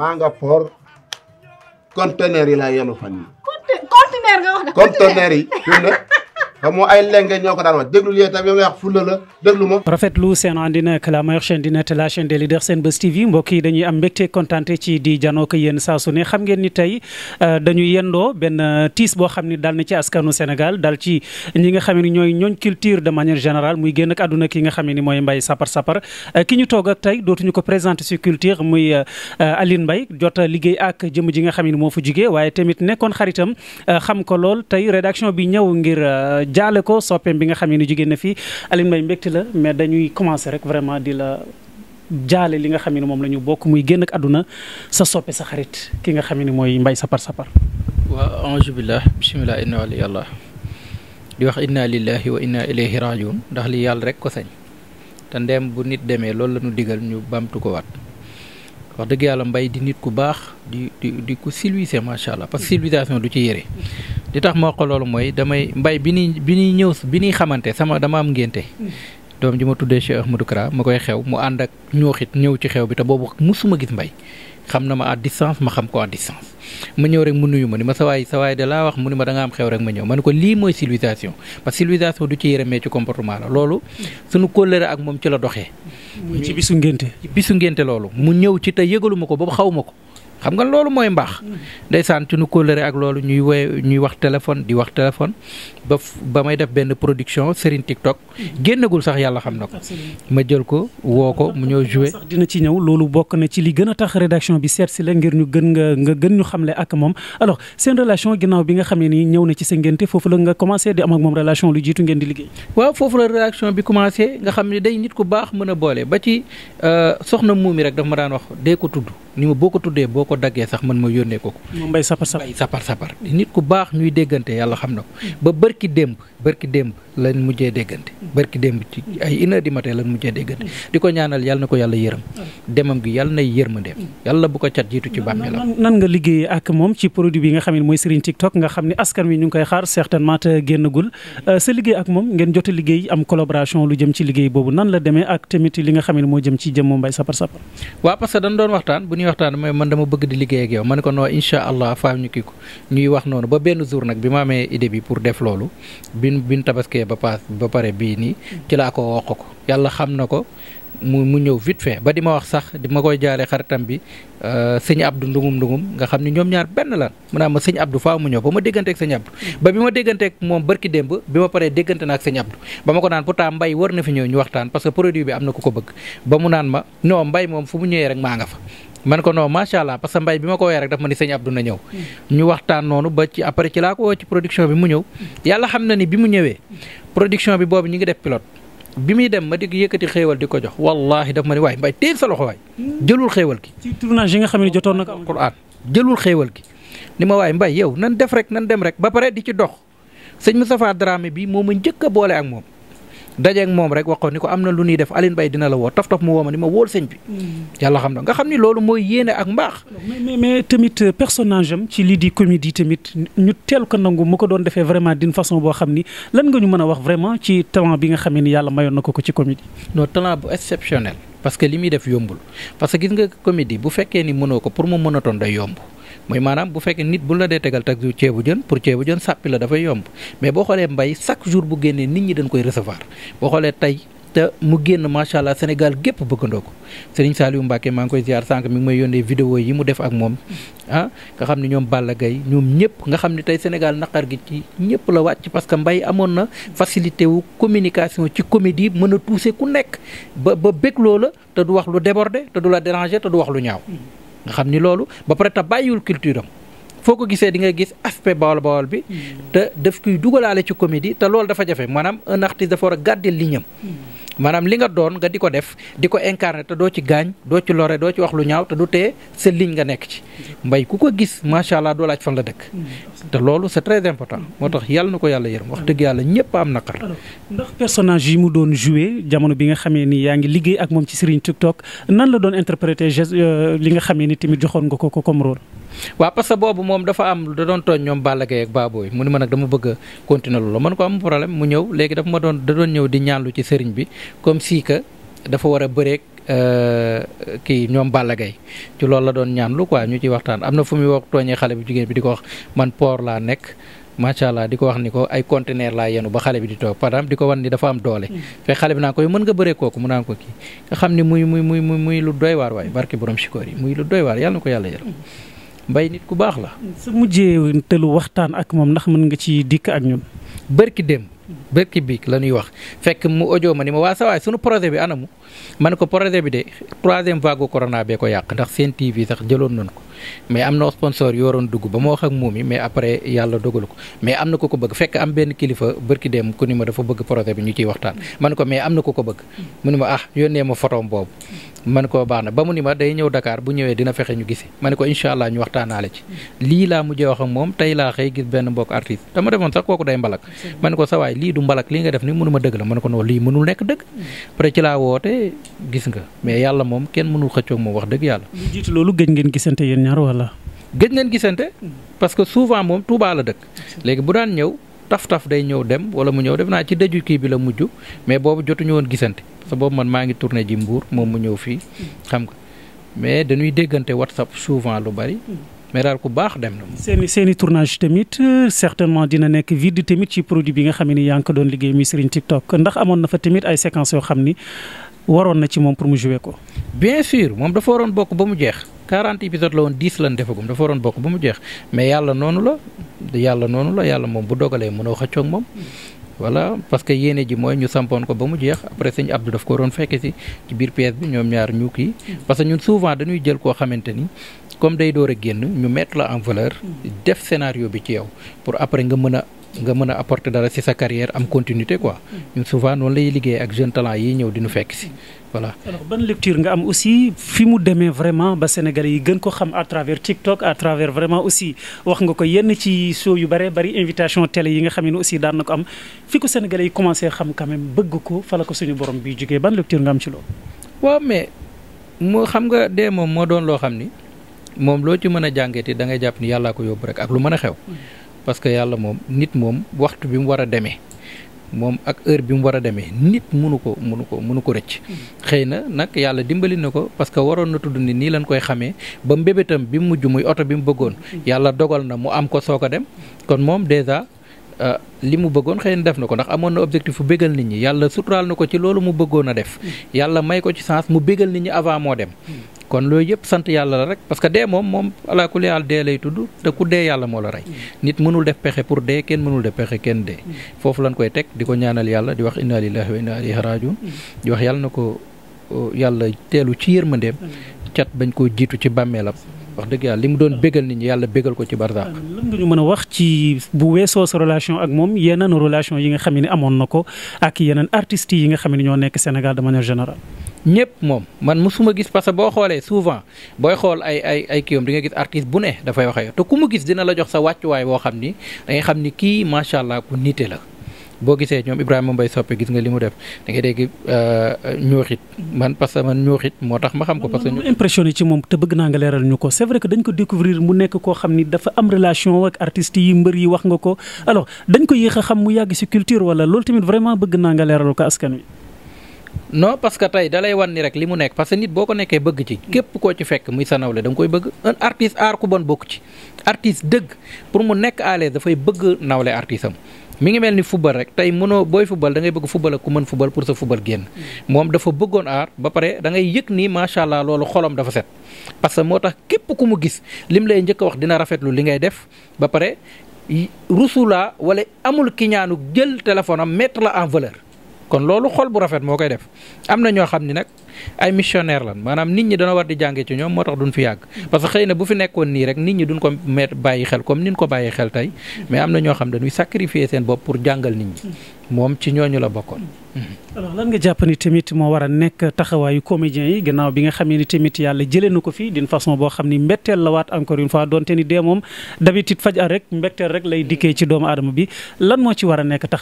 maa nga port conteneur yi la yenu fan yi conteneur nga wax de conteneur xam moo ay lenge ñoo ko daan wax déglu lii tam yow nga wax la déglu ma rafetlu seen àndina ak la meilleure chaîne di net la chaîne des leaders Senbuzz TV mbokk dañuy am mbégte kontaante ci di janoo ko yéen saa su ne xam ngeen ni tey euh, dañu yendoo benn euh, tiis boo xam ni daal na ci askanu Sénégal dal ci ñi nga xam ne ñooy ñooñ culture de manière générale muy génn ak àdduna ki nga xam ni mooy Mbaye Sapar Sapar euh, ki ñu toog ak tey dootuñu ko présenté ci culture muy Alioune Mbaye jot liggéey ak jëm ji xam ne moo fa jugee waaye tamit nekkoon xaritam xam ko lool tey rédaction bi ñëw ngir jaale ko soppee bi nga xam ne jigéen na fii Alioune Mbaye mbégte la mais dañuy commencer rek vraiment di la jaale li nga xam ne moom la ñu bokk muy génn ak àdduna sa soppe sa xarit ki nga xam ne mooy Mbaye Sapar Sapar. waaw aouzu billah bismillah inna wali yàlla di wax inna lillahi wa inna ilayhi rajiun ndax li yàlla rek ko sañ te ndeem bu nit demee loolu la ñu digal ñu baamtu ko waat wax dëgg yàlla mbay di nit ku baax di di di ku civilisé macha allah parce que mm-hmm. civilisation du ci yére li tax ma wax ko loolu mooy damay mbay bi ñuy bi ñuy ñëw bi ñuy xamante sama dama am ngénte doom ji ma tuddee Cheikh Ahmadou Kara ma koy xew mu ànd ak ñooxit ñëw ci xew bi te boobu musuma gis mbay xam na ma à distance ma xam ko à distance ma ñëw rek mu nuyu ma ni ma sa sa sawaay de laa wax mu ni ma da am xew rek ma ñëw ma ne ko lii mooy civilisation parce que civilisation du ci yërëmee ci comportement la loolu suñu kóllëre ak moom ci la doxee. ci bisu ngénte. ci bisu ngénte loolu mu ñëw ci te yëgalu ko boobu xaw ma ko. xam nga loolu mooy mbaax. ndeysaan ci nu kóllëre ak loolu ñuy woy ñuy wax téléphone di wax téléphone ba ba may def benn production Serigne TikTok génnagul sax yàlla xam na ko. ma jël ko woo ko mu ñëw joué. sax dina ci ñëw loolu bokk na ci li gën a tax rédaction bi seet si la ngir ñu gën nga nga gën ñu xamle ak moom alors seen relation ginnaaw bi nga xam ne nii ñëw na ci sa ngénte foofu la nga commencé di am ak moom relation lu jiitu ngeen di liggéey. waaw foofu bi commencé nga xam ne day nit ku baax mën a boole ba ci euh, soxna muumi rek daf ma daan wax dee ko tudd. ni ma boo ko tuddee boo ko daggee sax man ma yónnee ko ko. moom Mbaye sapar sapar sapar sapar nit ku baax ñuy déggante yàlla xam na ko. ba bërki démb bërki démb. lañ mujjee déggante barki démb ci ay une heure du matin mujjee déggante di ko ñaanal yàlla na ko yàlla yërëm demam gi yàlla na yërmandeem euh, a liggéey am collaboration lu jëm ci liggéey boobu nan ma ne ko noonu ba benn jour nag bi ma amee idée bi pour def loolu bin bin tabaskee ba paas ba pare bii nii ci laa ko wax ko yàlla xam na ko mu mu ñëw vite fait ba di ma wax sax di ma koy jaale xaritam bi euh, sëñ Abdou ndungum ndungum nga xam ni ñoom ñaar benn la mu naa ma sëñ Abdou faaw mu ñëw ba ma dégganteeg sëñ Abdou. ba bi ma dégganteeg moom barki démb bi ma paree déggante na ak sëñ Abdou ba ma ko naan pourtant mbay war na fi ñëw ñu waxtaan parce que produit bi am na ku ko bëgg ba mu naan ma non mbay moom fu mu ñëwee rek maa nga fa. man ko non macha allah parce que mbay bi ma ko woowee rek daf ma ni sëñ Abdou ñëw. ñu waxtaan noonu ba ci après ci laa ko woo ci production bi mu ñëw. yàlla xam na ni bi mu ñëwee. production bi boobu ñu ngi def pilote. bi muy dem ma di yëkkati xéewal di ko jox wallahi daf ma ni waay mbay teel sa loxo waay. jëlul xéewal ki ci tournage nga xam ne jotoon na ko Qur'an jëlul xéewal gi. ni ma waay mbay yow nan def rek nan dem rek ba pare di ci dox sëñ Moustapha Dramé bi moo ma njëkk a boole ak moom. dajeeg moom rek waxoon ni ko am na lu nuy def Aline Bay dina la woo taf taf mu woo ma ni ma wóol sëñ bi. Mm. yàlla xam na nga ni loolu mooy yéene ak mbaax. mais mais tamit euh, personnage am ci lii di comédie tamit ñu teel ko nangu mu ko doon defee vraiment d'une façon boo xam ni lan nga ñu mën a wax vraiment ci talent bi nga xam ne yàlla mayoon na ko ko ci comédie. non talent bu exceptionnel parce que li muy def yombul parce que gis nga comédie bu fekkee ni mënoo ko pour mu mënatoon day yomb. mooy maanaam bu fekkee nit bu la dee tegal teg ceebu jën pour ceebu jën sàppi la dafay yomb mais boo xoolee mbay chaque jour bu génnee nit ñi dañ koy recevoir boo xoolee tey te mu génn macha allah Sénégal gépp bëggandoo ko Serigne Saliou Mbacke maa ngi koy ziar sànq mi ngi may yónnee vidéo yi mu def ak moom ah nga xam ne ñoom Balla Gaye ñoom ñëpp nga xam ne tey Sénégal naqar gi ci ñëpp la wàcc parce que mbay amoon na facilité wu communication ci comédie mën a toucher ku nekk ba ba bég loola te du wax lu déborder te du la déranger te du wax lu ñaaw. nga xam ni loolu ba pare te bàyyiwul culture am foo ko gisee di nga gis aspect bawol bawol bi. Hmm. te def koy dugalaale ci comédie te loolu dafa jafe maanaam un artiste dafa war a gàdde liñam maanaam li nga doon nga di ko def di ko incarné te doo ci gaañ doo ci lore doo ci wax lu ñaaw te du tee sa ligne nga nekk ci mbay ku ko gis macha allah doo laaj fan la dëkk te loolu c'est très important moo tax yàlla na ko yàlla yaram wax dëgg yàlla ñëpp am naqar ndax personnage yi mu doon joué jamono bi nga xamee ni yaa ngi liggéey ak moom ci Serigne TikTok nan la doon interprété euh, li nga xamee ni tamit joxoon nga ko ko comme rôle waaw parce que boobu moom dafa am da doon tooñ ñoom Balla Gaye ak Baboy mu ni ma nag dama bëgg a continuer loolu man ko am problème mu ñëw léegi dafa ma doon da ñëw di ñaanlu ci sëriñ bi comme si que dafa war a bëreeg euh, kii ñoom Balla Gaye ci loolu la doon ñaan ñaanlu quoi ñu ci waxtaan am na fu muy wax tooñee xale bu jigéen bi di ko wax man poor laa nekk macha allah di ko wax ni ko ay conteneur laa yenu ba xale bi di toog par exemple di ko wan ni dafa am doole. Hmm. fekk xale bi ko yow bëree kooku mu naan ko xam ni muy muy muy muy lu doy waar waay barke borom sikoor yi muy lu doy waar yàlla ko yàlla yërëm. Hmm. mbay nit ku baax la. su mujjee tëlu waxtaan ak moom ndax mën nga ci dikk ak ñun. bërki dem bërki biig la ñuy wax fekk mu audio ma ni ma waa sa waay sunu projet bi anamu. ma ne ko projet bi de troisième vague corona bee ko yàq ndax seen TV sax jëloon na sponsor ba ma ko mais am na ko ko bëgg fekk am benn kilifa bërki dem ku ni ma dafa bëgg projet bi ñu ciy waxtaan. ma ko mais am na ko ko bëgg. mu ni ma ah yónnee ma photoom boobu. man koo baax na ba mu ni ma day ñëw Dakar bu ñëwee dina fexe ñu gisi ma ne ko incha allah ñu waxtaanaale ci lii laa mujjee wax ak moom tey laa xëy gis benn mbokk artiste dama defoon sax kooku day mbalak ma gisee gis nga mais yàlla moom kenn mënul xëccoog moom wax dëgg yàlla. lu jiitu loolu gëj ngeen gisante yéen ñaar wala. gëj ngeen gisante hmm. parce que souvent moom Touba la dëkk léegi bu daan ñëw taf-taf day ñëw dem wala mu ñëw def naa ci dëju kii bi la mujj mais boobu jotuñu woon gisante parce boobu man maa ngi tourné ji Mbour moom mu ñëw fii hmm. xam nga mais dañuy déggante WhatsApp souvent lu bari. Hmm. mais daal ku baax dem na. seen i seen i tournage tamit euh, certainement dina nekk vide tamit ci produit bi nga xam ne yaa ngi waroon na ci moom pour mu jouer ko. bien sûr moom dafa waroon bokk ba mu jeex 40 épisodes la woon 10 lan defagum dafa waroon bokk ba mu jeex mais yàlla noonu la yàlla noonu la yàlla moom bu dogalee mënoo xëccoog moom. voilà parce que yéene ji mooy ñu sampoon ko ba mu jeex après sëñ Abdou daf ko doon fekke si ci biir pièce bi ñoom ñaar ñu kii parce souvent dañuy jël koo xamante ni comme day door a génn ñu mettre la en valeur def scénario bi ci a nga mën a apporter dara ci sa carrière am continuité quoi hmm. ñun souvent noonu lay liggéey ak jeune talent yi ñëw di ñu fekk ci voilà. ban lecture nga am aussi fi mu demee vraiment ba Sénégalais yi gën ko xam à travers TikTok à travers vraiment aussi wax nga ko yenn ci show yu bare bari invitation télé yi nga xam ne aussi daan na ko am fi ko Sénégalais yi commencé xam quand bëgg ko fa la ko suñu borom bi jógee ban lecture nga am ci loolu. waaw mais moo xam nga dee moom moo doon loo xam ni moom loo ci mën a jàngeeti da ngay jàpp yàllaa ko yóbbu rek ak lu mën a xew. Hmm. parce que yàlla moom nit moom waxtu bi mu war a demee moom ak heure bi mu war a demee nit munu ko munu ko munu ko rëcc. xëy na nag yàlla dimbali na ko parce que waroon na tudd ni nii lañ koy xamee ba mbébétam bi mu mujj muy oto bi mu bëggoon. yàlla dogal na mu am ko soo ko dem kon moom déjà. Euh, li mu bëggoon xëy na def na ko ndax amoon na objectif bu bégal nit ñi yàlla suturaal na ko ci loolu mu bëggoon a def yàlla may ko ci sens mu bégal nit ñi avant moo dem kon loolu yëpp sant yàlla la rek parce que dee moom moom ala kulli haal dee lay tudd te ku dee yàlla moo la rey mm. nit mënul def pexe pour dee kenn mënul def pexe kenn dee mm. foofu lañ koy teg di ko ñaanal yàlla di wax inna lillahi wa inna ilayhi rajiun mm. di wax yàlla na ko yàlla teelu ci yërmandeem cat bañ koo jiitu ci bàmmeelam wax dëgg yàlla li mu doon béggal nit ñi yàlla bégal ko ci barzaq lan nga ñu mën a wax ci bu weesoo sa relation ak moom yeneen relation yi nga xam ne amoon na ko ak yeneen artistes yi nga xam ne ñoo nekk Sénégal de manière générale ñëpp moom man mosuma gis parce que boo xoolee souvent booy xool ay ay ay kii yom di nga gis artiste bu ne dafay waxee te ku mu gis dina la jox sa wàccuwaay boo xam ni da xam ni kii macha allah ku nite la. boo gisee ñoom Ibrahima Mbaye Soppe gis nga li mu def da ngay dégg ñooxit euh, man ñooxit moo tax ma xam ko. parce que ñu impressionné ci moom te bëgg naa nga leeral ñu ko c'est vrai que dañ ko découvrir mu nekk koo xam ni dafa am relation ak artistes yi mbër yi wax nga ko alors dañ ko yéex a xam mu yàgg ci culture wala loolu tamit vraiment bëgg naa nga leeral askan non parce que tey dalay wan ni rek li mu nekk parce que nit boo ko nekkee bëgg ci képp koo ci fekk muy sa nawle da nga koy bëgg un artiste aar ku bon bokk ci artiste dëgg pour mu nekk à dafay bëgg nawle artiste am mi ngi mel ni football rek tey mënoo booy football da ngay bëgg football ak ku mën football pour sa football génn mm. moom dafa bëggoon aar ba pare da ngay yëg ni macha allah loolu xolam dafa set parce que moo tax képp ku mu gis li mu lay njëkk wax dina rafetlu li ngay def ba pare rusula wala amul ki ñaanu jël am mettre la en valeur kon loolu xol bu rafet moo koy def am na ñoo xam ni nag ay missionnaire lan maanaam nit ñi dana war di jàngee ci ñoom moo tax duñ fi yàgg parce que xëy na bu fi nekkoon nii rek nit ñi duñ ko met bàyyi xel comme ni ko bàyyi xel tey mais am na ñoo xam dañuy sacrifier seen bopp pour jàngal nit ñi moom ci ñooñu la bokkoon. Mhm. lan nga jàpp tamit moo war a nekk taxawaayu comédiens yi gannaaw tamit a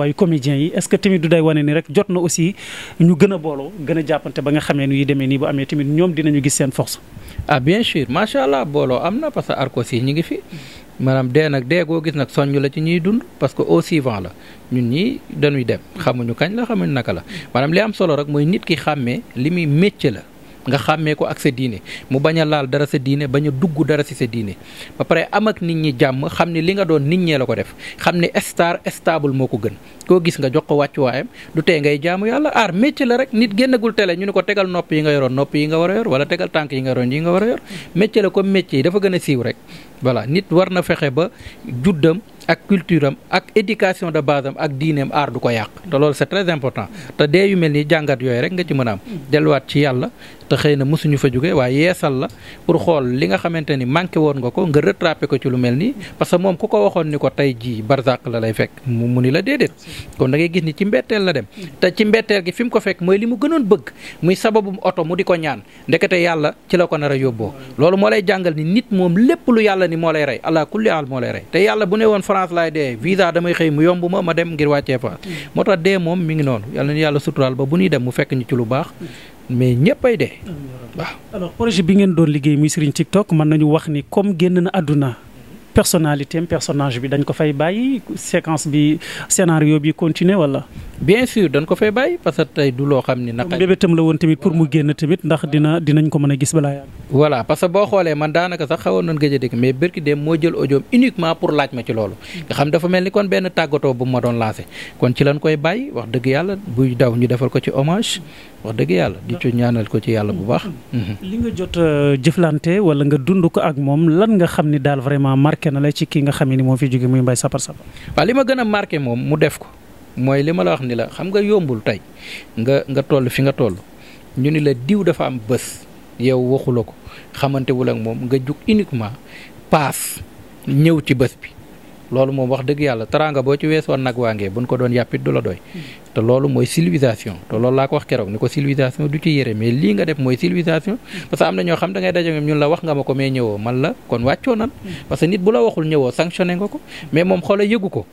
a du day wane ni rek jot na aussi ñu gën booloo gën jàppante ba nga xamee ni yu demee nii bu amee tamit ñoom dinañu gis seen force. ah bien sûr macha allah booloo am na parce que ARCOS yi ñu ngi fi maanaam dee nag dee goo gis nag soññ la ci ñuy dund parce que au suivant la ñun ñii dañuy dem xamuñu kañ la xamuñu naka la maanaam li am solo rek mooy nit ki xàmmee li muy métier la. nga xàmmee ko ak sa diine mu bañ a laal dara sa diine bañ a dugg dara si sa diine ba pare am ak nit ñi jàmm xam ne li nga doon nit ñee la ko def xam ne star stable moo ko gën koo gis nga jox ko wàccuwaayam du tee ngay jaamu yàlla aar métier la rek nit génnagul télé ñu ne ko tegal nopp yi nga yoroon nopp yi nga war a yor wala tegal tànk yi nga yoroon yi nga war a yor métier la comme métier yi dafa gën a siiw rek voilà nit war na fexe ba juddam ak culture am ak éducation de base am ak diineem aar du ko yàq te loolu c'est très important te dee yu mel ni jàngat yooyu rek nga ci mën a am ci yàlla te xëy na mosuñu fa jóge waaye li ni manqué woon nga ko nga rattrapé ko ci lu mel nii parce que moom kon da ngay gis ni ci mbetteel la dem te ci mbetteel gi fi mu ko fekk mooy li mu gënoon bëgg muy sababum oto mu di ko ñaan ndekete yàlla ci la ko nar a yóbboo loolu moo lay jàngal ni nit moom lépp lu yàlla ni moo lay rey allah kulli moo lay rey te yàlla bu ne woon France laay dee visa damay xëy mu yomb ma ma dem ngir wàccee fa moo tax dee moom mi ngi noonu yàlla ni yàlla suturaal ba bu ñuy dem mu fekk ñu ci lu baax mais ñëppay dee projet bi ngeen doon personnalité am personnage bi dañ ko fay bàyyi séquence bi scénario bi continuer wala. bien sûr dañ ko fay bàyyi parce tey du loo xam ni. naka bébétam la woon tamit pour mu génn tamit ndax dina dinañ ko mën a gis balaa yàgg. voilà parce boo xoolee man daanaka sax xawoon nañ gëj a dégg mais bërki dem moo jël audio uniquement pour laaj ma ci loolu. nga xam dafa mel ni kon benn tàggatoo bu ma doon lancé kon ci lañ koy bàyyi wax dëgg yàlla buy daw ñu defal na la ci ki nga xam ni moo fi jóge muy Mbaye Sapar Sapar. waaw li ma gën a marqué moom mu def ko mooy li ma la wax ni la xam nga yombul tey nga nga toll fi nga toll ñu ni la diw dafa am bës yow waxula ko xamante wul ak moom nga jug uniquement paas ñëw ci bés bi. loolu moom wax dëgg yàlla teraanga boo ci weesoon nag waangee buñ ko doon yàppit du la doy hmm. te loolu mooy civilisation te loolu laa ko wax keroog ni ko civilisation du ci yére mais lii nga def mooy civilisation hmm. parce que am na ñoo xam da ngay daje ñun la wax nga ma ko mais ñëwoo man la kon wàccoo nan hmm. parce que nit bu la waxul ñëwoo sanctionné nga ko mais moom xoola yëgu ko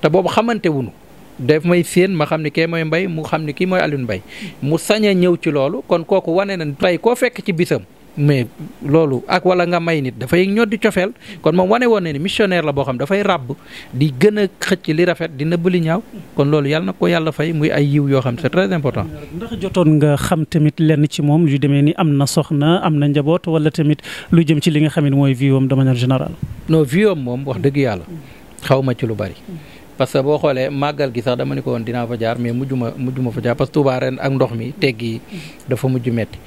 te boobu xamante wuñu def may séen ma xam ne kee mooy mbay mu xam ne kii mooy Alioune mu sañ a ci loolu kon kooku wane na tey koo fekk ci bisam mais loolu ak wala nga may nit dafay ñoddi cofeel kon moom wane woon na ni missionnaire la boo xam dafay ràbb di gën a xëcc li rafet dina bëli ñaaw kon loolu yàlla na ko yàlla fay muy ay yiw yoo xam c'est très important. jotoon nga xam tamit lenn ci moom yu demee ni am na soxna am na njaboot wala tamit lu jëm ci li nga xam ne mooy viom de manière générale. non viom moom wax dëgg yàlla xaw ci lu bari. parce que boo xoolee màggal gi sax dama ni ko woon dinaa fa jaar mais mujjuma ma mujj ma fa jaar parce que ren ak ndox mi tegg yi dafa mujj metti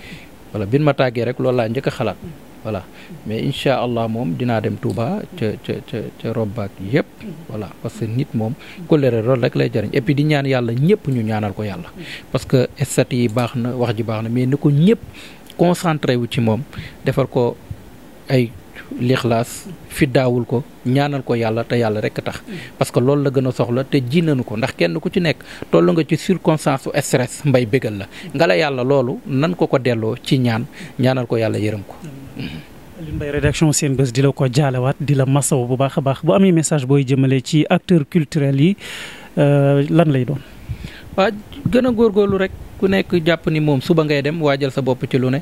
voilà bin ma tàggee rek lool laa njëkk a xalaat voilà mais incha allah moom dinaa dem Touba ca ca ca ca robbaak yëpp voilà parce que nit moom kóllëre loolu rek lay jëriñ et puis di ñaan yàlla ñëpp ñu ñaanal ko yàlla parce que stat yi baax na wax ji baax na mais ni ko ñëpp concentré wu ci moom defal ko ay lixlaas fi daawul ko ñaanal ko yàlla te yàlla rek tax mm. parce que loolu la gën a soxla te ji nañu ko ndax kenn ku ci nekk toll nga ci circonstance u stress mbay bégal la mm. nga la yàlla loolu nan ko ko delloo ci ñaan ñaanal ko yàlla yërëm ko mm. mm-hmm. li mbay rédaction seen bés di la ko jaalewaat di la masaw bu baax a baax bu amee message booy jëmale ci acteur culturel yi euh, lan lay doon waa gën a góorgóorlu rek ku nekk jàpp ni moom suba ngay dem waajal sa bopp ci lu ne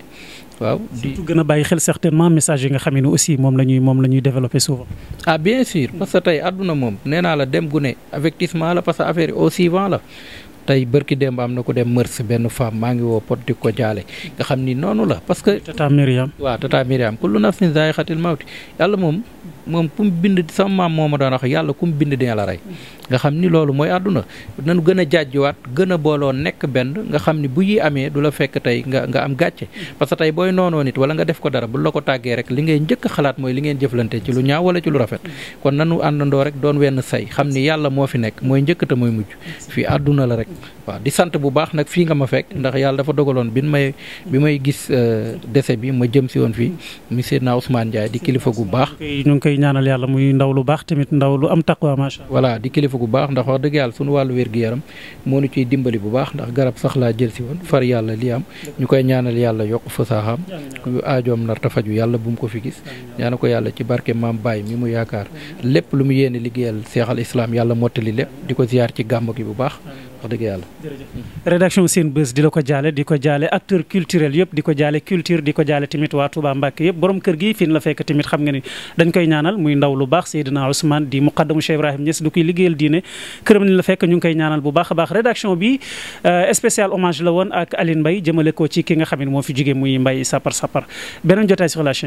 waaw di surtout gën a bàyyi xel certainement message yi nga xam ne aussi moom la ñuy moom la ñuy développé souvent. ah bien sûr parce tey àdduna moom nee naa la dem gune ne avertissement la parce que affaire yi au suivant la tey bërki démb am na ku dem mërs benn femme maa ngi woo pot ko jaale nga xam ni noonu la parce que. tata Miriam waaw tata Miriam kullu nafsin zaa'iqatul mawti yàlla moom moom bind sama maam moo ma doon wax yàlla ku mu bind dina la rey. nga ni loolu mooy àdduna nañu gën a jàjjiwaat gën a booloo nekk benn nga xam ni bu yi amee du la fekk tey nga nga am gàcce parce que tey booy noonoo nit wala nga def ko dara bu la ko tàggee rek li ngay jëkk a xalaat mooy li ngeen jëflante ci lu ñaaw wala ci lu rafet kon nanu àndandoo rek doon wenn say xam ni yàlla moo fi nekk mooy njëkk mooy mujj fii àdduna la rek waaw di sant bu baax nag fii nga ma fekk ndax yàlla dafa dogaloon bi bin may bi may gis euh, décès bi ma jëm si woon fii monsieur naa Ousmane Ndiaye di kilifa gu baax. ñu ngi koy ñaanal yàlla muy ndaw lu baax tamit ndaw lu am taqwa macha allah. voilà di kilifa gu baax ndax dëgg yàlla suñu wàllu wér-gu-yaram moo ñu ciy dimbali bu baax ndax garab sax laa jël si woon far yàlla li am ñu koy ñaanal yàlla yokk fa saaxaam ku aajoom nar tafaju yàlla bu mu ko fi gis ñaana ko yàlla ci barke maam Baye mi mu yaakaar lépp lu mu yéene liggéeyal seexal islam yàlla mottali lépp di ko ziyaar ci gàmm gi bu baax wax dëgg yàlla. rédaction seen bés di la ko jaale di ko jaale acteur culturel yëpp di ko jaale culture di ko jaale tamit waa Touba Mbacke yëpp borom kër gi fi la fekk tamit xam nga ni dañ koy ñaanal muy ndaw lu baax Seydina Ousmane di muqaddamu Cheikh Ibrahim Niass du koy liggéeyal diine këram ni la fekk ñu ngi koy ñaanal bu baax a baax rédaction bi euh, spécial hommage la woon ak Aline Mbaye jëmale ko ci ki nga xam moo fi jóge muy Mbaye Sapar Sapar beneen jotaay